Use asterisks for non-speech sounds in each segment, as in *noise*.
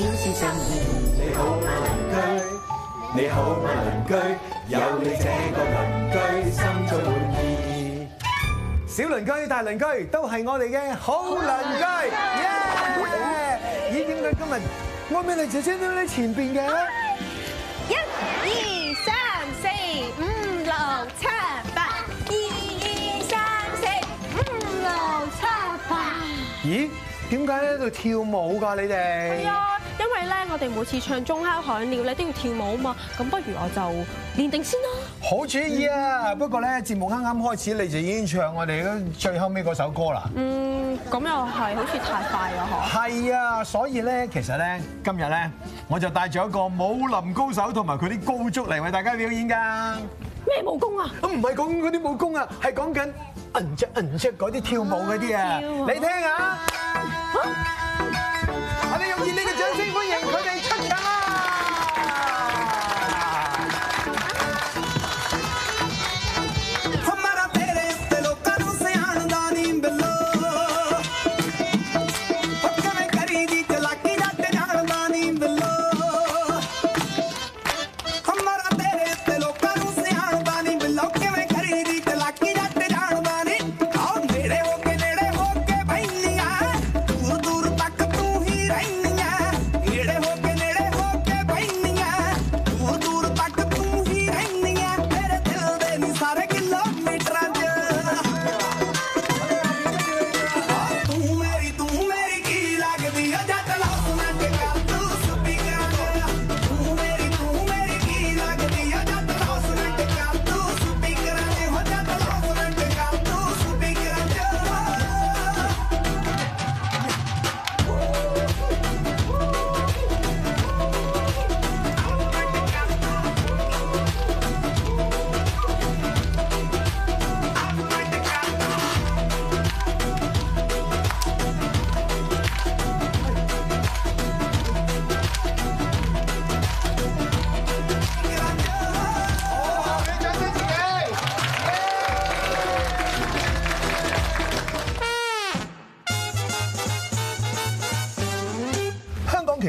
小小心意，你好啊鄰居，你好啊鄰居，有你這個鄰居，心中滿意小。小鄰居大鄰居，都係我哋嘅好鄰居。咦？點解今日我咪嚟住先喺前邊嘅？一、二、三、四、五、六、七、八。二二、三、四、五、六、七、八。咦？點解喺度跳舞㗎？你哋？因為咧，我哋每次唱《鐘敲響了》咧都要跳舞啊嘛，咁不如我就練定先啦。好主意啊！不過咧，節目啱啱開始你就已經唱我哋嗰最後尾嗰首歌啦。嗯，咁又係，好似太快啊！嗬。係啊，所以咧，其實咧，今日咧，我就帶咗一個武林高手同埋佢啲高足嚟為大家表演㗎。咩武功啊？咁唔係講嗰啲武功啊，係講緊，嗯嗯，嗰啲跳舞嗰啲啊，你聽下。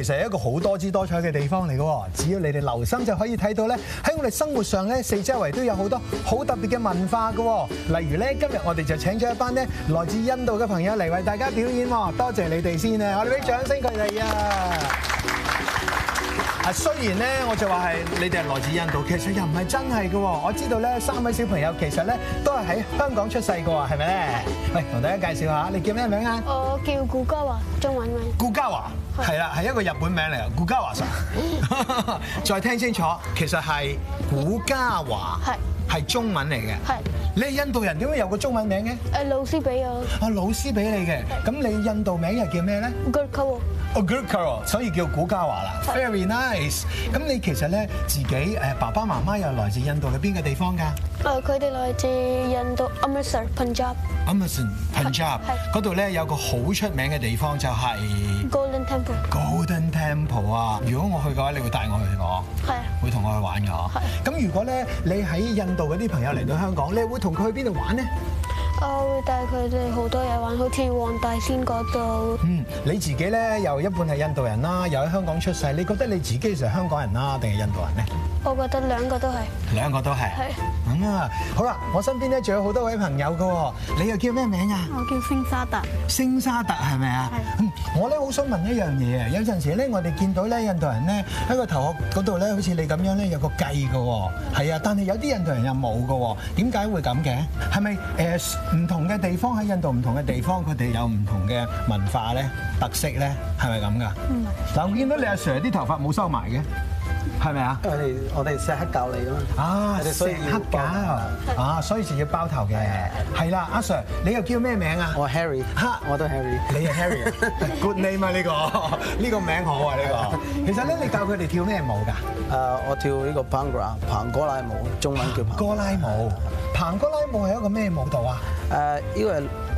就係一個好多姿多彩嘅地方嚟嘅，只要你哋留心就可以睇到咧。喺我哋生活上咧，四周圍都有好多好特別嘅文化嘅。例如咧，今日我哋就請咗一班咧來自印度嘅朋友嚟為大家表演。多謝你哋先啊！我哋俾掌聲佢哋啊！啊，雖然咧，我就話係你哋係來自印度，其實又唔係真係嘅。我知道咧，三位小朋友其實咧都係喺香港出世嘅喎，係咪咧？喂，同大家介紹下，你叫咩名啊？我叫古嘉華，中文名。古嘉華。係啦，係一個日本名嚟嘅，古家華 Sir。 *laughs* 再聽清楚，其實係古家華，係中文嚟嘅。係，你係印度人，點解有個中文名嘅？誒老師俾我。啊，老師俾你嘅。咁你印度名又叫咩咧？Gurkha。Gurkha，oh, 所以叫古家華啦。Very nice。咁你其實咧，自己誒爸爸媽媽又來自印度嘅邊個地方㗎？誒，佢哋來自印度 Amritsar Punjab。Amritsar Punjab，嗰度咧有個好出名嘅地方就係是。Tempo、Golden Temple 啊！如果我去嘅話，你會帶我去㗎？係、啊，會同我去玩㗎？咁、啊、如果咧，你喺印度嗰啲朋友嚟到香港，你會同佢去邊度玩咧？我會帶佢哋好多嘢玩，好似黃大仙嗰度。嗯，你自己咧又一半係印度人啦，又喺香港出世，你覺得你自己係香港人啦，定係印度人咧？我覺得兩個都係，兩個都係，係咁啊！好啦，我身邊咧仲有好多位朋友嘅喎、哦，你又叫咩名啊？我叫星沙特，星沙特係咪啊？係。我咧好想問一樣嘢啊！有陣時咧，我哋見到咧印度人咧喺個頭殼嗰度咧，好似你咁樣咧有個髻嘅喎，係啊！但係有啲印度人又冇嘅喎，點解會咁嘅？係咪誒唔同嘅地方喺印度唔同嘅地方，佢哋有唔同嘅文化咧特色咧？係咪咁㗎？唔係。嗱，我見到你阿 Sir 啲頭髮冇收埋嘅。係咪啊？我哋我哋成日黑教你噶嘛。啊，成日教。啊, *laughs* 啊，所以是要包頭嘅。係 *laughs* 啦，阿、啊、Sir，你又叫咩名啊？我係 Harry。哈，我都係 Harry。你係 Harry。 *laughs* Good name 啊，呢、這個呢 *laughs* 個名好啊，呢、這個。 *laughs* 其實咧，你教佢哋跳咩舞噶？誒、呃，我跳呢個 Pangra，彭哥拉舞，中文叫。哥拉舞。彭哥拉舞係一個咩舞蹈啊？誒、呃，呢個係。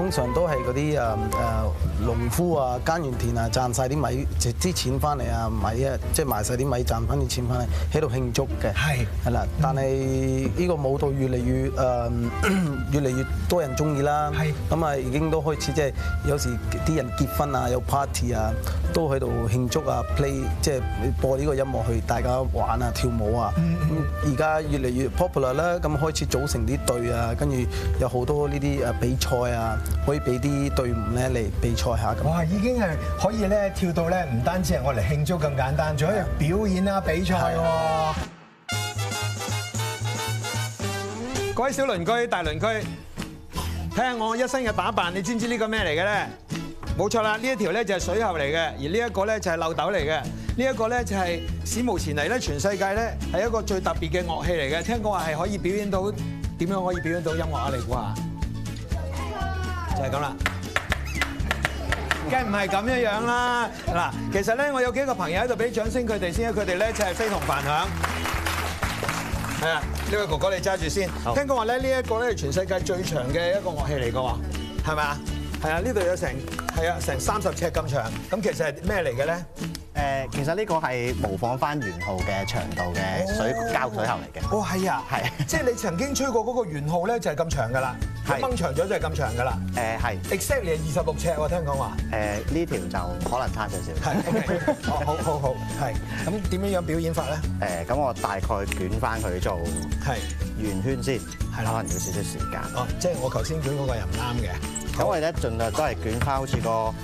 通常都係嗰啲誒誒農夫啊，耕完田啊賺晒啲米，即啲錢翻嚟啊，米啊即賣晒啲米賺翻啲錢翻嚟喺度慶祝嘅。係係啦，但係呢、嗯這個舞蹈越嚟越誒、呃，越嚟越多人中意啦。係咁啊，已經都開始即、就是、有時啲人結婚啊，有 party 啊，都喺度慶祝啊，play 即播呢個音樂去大家玩啊跳舞啊。咁而家越嚟越 popular 啦，咁開始組成啲隊啊，跟住有好多呢啲誒比賽啊。可以俾啲隊伍咧嚟比賽下咁。哇！已經係可以咧跳到咧，唔單止係我嚟慶祝咁簡單，仲有一樣表演啊比賽喎。各位小鄰居、大鄰居，睇下我一身嘅打扮，你知唔知呢個咩嚟嘅咧？冇錯啦，呢一條咧就係水喉嚟嘅，而呢一個咧就係漏斗嚟嘅。呢一個咧就係史無前例咧，全世界咧係一個最特別嘅樂器嚟嘅。聽講話係可以表演到點樣可以表演到音樂呀？你估下。就係咁啦，梗係唔係咁樣樣啦？嗱，其實咧，我有幾個朋友喺度俾掌聲，佢哋先啊，佢哋咧就係非同凡響。係啊，呢位哥哥你揸住先。聽講話咧，呢一個咧係全世界最長嘅一個樂器嚟㗎喎，係咪啊？係啊，呢度有成係啊，成三十尺咁長。咁其實係咩嚟嘅咧？誒，其實呢個係模仿翻圓號嘅長度嘅水膠水喉嚟嘅。哦，係啊，係，即係你曾經吹過嗰個圓號咧，是就係咁長㗎啦。係、呃，掹長咗就係咁長㗎啦。誒、呃、係。Except 你係二十六尺喎，聽講話。誒，呢條就可能差少少。哦，好好好。係。咁點樣樣表演法咧？誒、呃，咁我大概捲翻佢做圓圈先。係。係啦，可能要少少時間。哦，即係我頭先捲嗰個又唔啱嘅，咁我哋咧盡量都係捲翻好似個。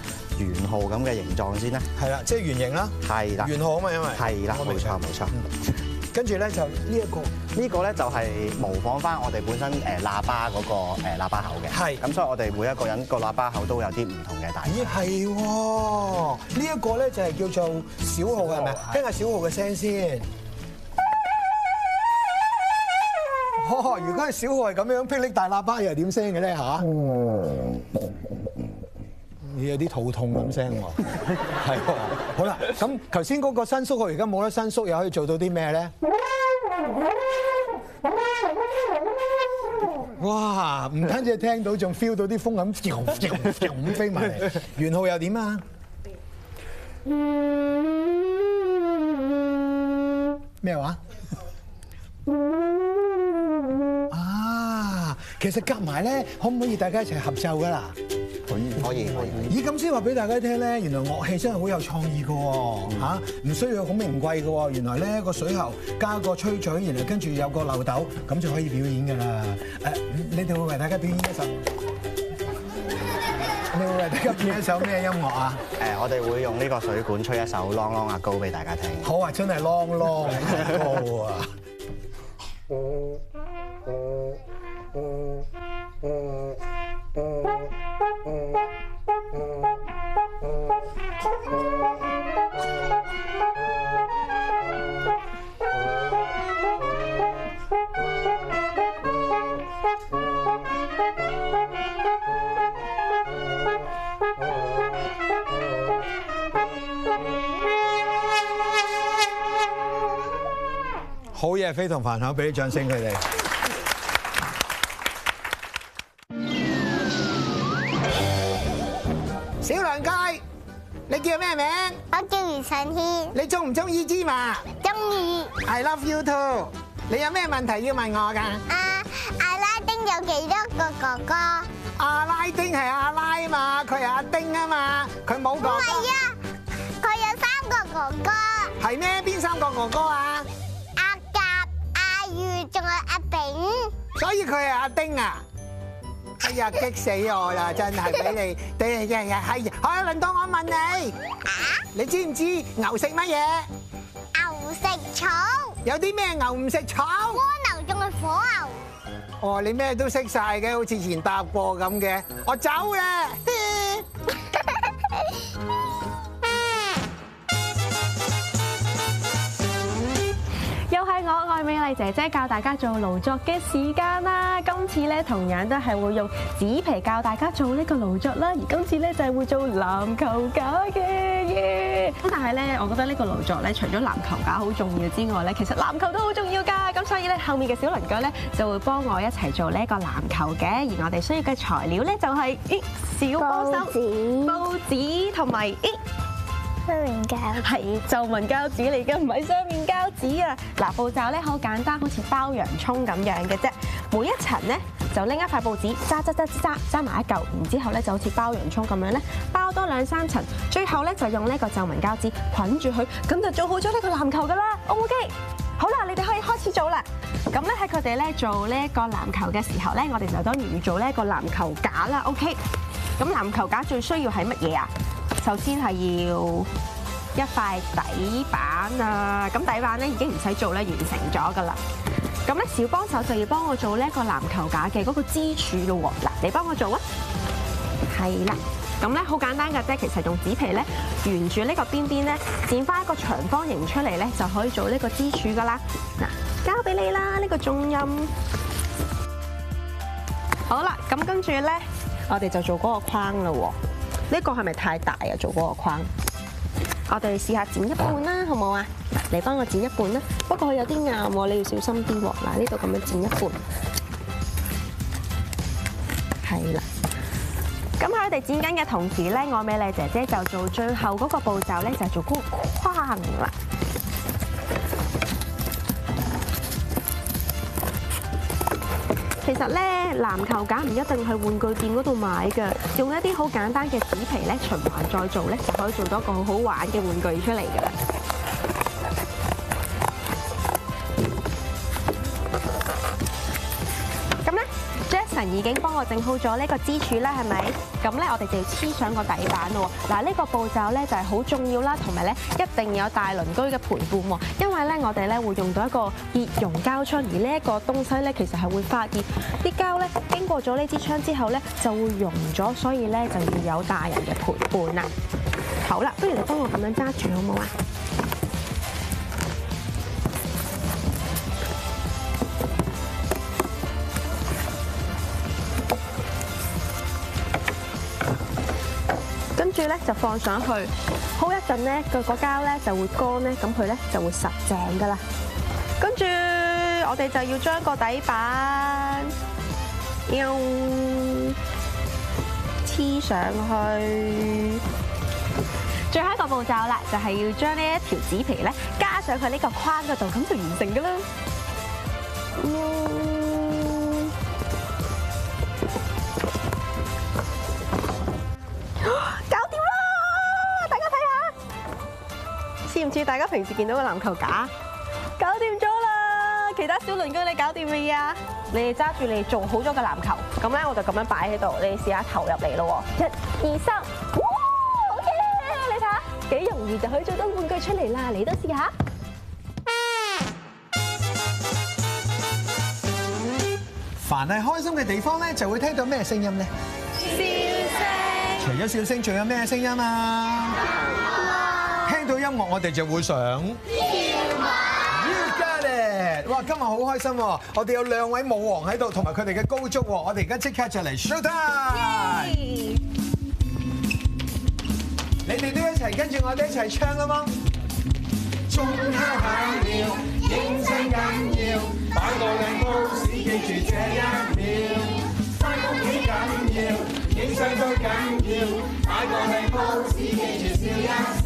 圓號咁嘅形狀先啦，係啦，即係圓形啦，係啦，圓號啊嘛，因為係啦，冇錯冇錯。跟住咧就呢一個呢個咧就係模仿返我哋本身誒喇叭嗰個喇叭口嘅，係。咁所以我哋每一個人個喇叭口都有啲唔同嘅大是的。咦，係喎，呢、這、一個咧就係叫做小號嘅係咪？是的是的是的，聽下小號嘅聲先。如果係小號係咁樣霹靂大喇叭，又係點聲嘅咧吓。嗯有啲肚痛咁聲喎，係喎，好啦，咁頭先嗰個伸縮號，我而家冇得伸縮，又可以做到啲咩咧？哇！唔單止聽到，仲 feel 到啲風咁，飛埋嚟。圓號又點啊？咩話？啊，其實夾埋咧，可唔可以大家一齊合奏噶啦？可以可以，咦咁先話俾大家聽咧，原來樂器真係好有創意嘅喎，唔需要好名貴嘅喎。原來咧個水喉加個吹嘴，然後跟住有個漏斗，咁就可以表演嘅啦。誒，你哋會為大家表演一首， *laughs* 你會為大家表演一首咩音樂啊？誒， *laughs* 我哋會用呢個水管吹一首啷啷阿高俾大家聽。好啊，真係啷啷阿高啊！ *laughs* *laughs* 好嘢，非同凡響，俾啲掌聲佢哋。咩名？我叫余順軒。你中唔中意芝麻？中意。I love you too。你有咩問題要問我噶？啊，阿拉丁有幾多個哥哥？阿拉丁係阿拉嘛，佢係阿丁啊嘛，佢冇哥哥。唔係啊，佢有三個哥哥。係咩？邊三個哥哥啊？阿甲、阿魚，仲有阿丙。所以佢係阿丁啊？哎呀！激死我啦，真係俾你，啲人日日係，係輪到我問你，你知唔知牛食乜嘢？牛食草。有啲咩牛唔食草？蝸牛、仲係火牛。哦，你咩都識晒嘅，好似以前搭過咁嘅，我走啦。美麗姐姐教大家做勞作嘅時間啦，今次咧，同樣都係會用紙皮教大家做呢個勞作啦，而今次咧，就係會做籃球架嘅。咁但係咧，我覺得呢個勞作咧除咗籃球架好重要之外咧，其實籃球都好重要噶。咁所以咧，後面嘅小鄰居，咧就會幫我一齊做呢一個籃球嘅。而我哋需要嘅材料咧就係咦小波報紙同埋咦。雙面膠係皺紋膠紙嚟噶，唔係雙面膠紙啊！嗱，步驟咧好簡單，好似包洋蔥咁樣嘅啫。每一層咧就拎一塊報紙，揸揸揸揸揸埋一嚿，然之後咧就好似包洋蔥咁樣咧，包多兩三層，最後咧就用呢個皺紋膠紙捆住佢，咁就做好咗呢個籃球噶啦。O K，好啦，你哋可以開始做啦。咁咧喺佢哋咧做呢個籃球嘅時候咧，我哋就當然要做呢個籃球架啦。O K，咁籃球架最需要係乜嘢啊？首先係要一塊底板啊，咁底板咧已經唔使做咧，完成咗噶啦。咁咧小幫手就要幫我做呢個籃球架嘅嗰個支柱咯喎，嗱，你幫我做啊？係啦，咁咧好簡單噶啫，其實用紙皮咧，沿住呢個邊邊咧剪翻一個長方形出嚟咧，就可以做呢個支柱噶啦。嗱，交俾你啦，這個、重呢個重任。好啦，咁跟住咧，我哋就做嗰個框啦喎。呢個係咪太大啊？做嗰個框，我哋試下剪一半啦，好唔好啊？你幫我剪一半啦，不過佢有啲硬喎，你要小心啲喎。嗱，呢度咁樣剪一半，係啦。咁喺我哋剪緊嘅同時咧，我美麗姐姐就做最後嗰個步驟咧，就係做個框啦。其實咧，籃球架唔一定係玩具店嗰度買㗎，用一啲好簡單嘅紙皮咧循環再做咧，就可以做到一個好好玩嘅玩具出嚟㗎。已經幫我整好咗呢個支柱啦，係咪？咁咧，我哋就要黐上個底板咯。嗱，呢個步驟咧就係好重要啦，同埋咧一定要有大鄰居嘅陪伴喎，因為咧我哋咧會用到一個熱熔膠槍，而呢一個東西咧其實係會發熱，啲膠咧經過咗呢支槍之後咧就會溶咗，所以咧就要有大人嘅陪伴啦。好啦，不如你幫我咁樣揸住好唔好啊？咧就放上去，好一陣咧，個膠咧就會乾咧，咁佢咧就會實淨噶啦。跟住我哋就要將個底板用黐上去，最後一個步驟啦，就係要將呢一條紙皮咧加上佢呢個框嗰度，咁就完成噶啦。大家平時見到嘅籃球架，搞掂咗啦！其他小鄰居你搞掂未啊？你哋揸住你做好咗嘅籃球，咁咧我就咁樣擺喺度，你試下投入嚟咯喎！一、二、三，哇，你睇下幾容易就可以做到玩具出嚟啦！你都試下。凡係開心嘅地方咧，就會聽到咩聲音咧？笑聲，聲。除咗笑聲，仲有咩聲音啊？音到音樂，我哋就會上。You got it！哇，今日好開心喎！我哋有兩位舞王喺度，同埋佢哋嘅高足喎，我哋而家即刻就嚟 show time！你哋都一齊跟住我哋一齊唱啦嘛！鐘敲響了，影相緊要，擺個靚 pose 記住這一秒，收工幾緊要，影相都緊要，擺個靚 pose 記住笑一笑。